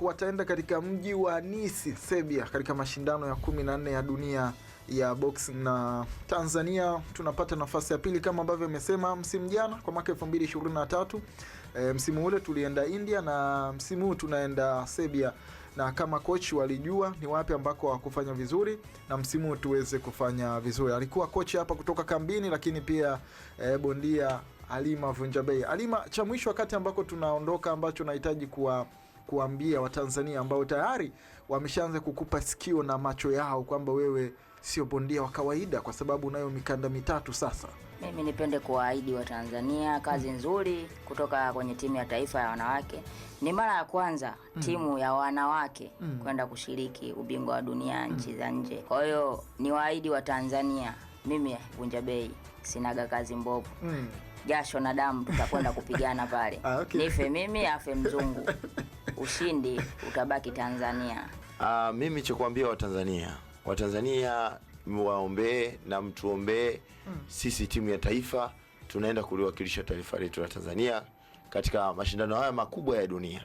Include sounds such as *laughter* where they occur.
wataenda katika mji wa Nisi, Serbia katika mashindano ya 14 ya dunia ya boxing na Tanzania tunapata nafasi ya pili kama ambavyo amesema msimu jana kwa mwaka 2023. E, msimu ule tulienda India na msimu huu tunaenda Serbia, na kama coach walijua ni wapi ambako hakufanya vizuri na msimu huu tuweze kufanya vizuri. Alikuwa coach hapa kutoka kambini, lakini pia e, bondia Halima Vunjabei. Halima, cha mwisho wakati ambako tunaondoka ambacho nahitaji kuwa kuambia Watanzania ambao tayari wameshaanza kukupa sikio na macho yao kwamba wewe sio bondia wa kawaida, kwa sababu unayo mikanda mitatu sasa. Mimi nipende kuwaahidi Watanzania kazi nzuri kutoka kwenye timu ya taifa ya wanawake. Ni mara ya kwanza mm. timu ya wanawake mm. kwenda kushiriki ubingwa wa dunia nchi mm. za nje. Kwa hiyo niwaahidi Watanzania, mimi Vunja Bei sinaga kazi mbovu mm. jasho na damu, tutakwenda kupigana pale *laughs* ah, okay. nife mimi afe mzungu *laughs* ushindi utabaki Tanzania. Uh, mimi chokuambia Watanzania, Watanzania mwaombee na mtuombee mm. Sisi timu ya taifa tunaenda kuliwakilisha taifa letu la Tanzania katika mashindano haya makubwa ya dunia.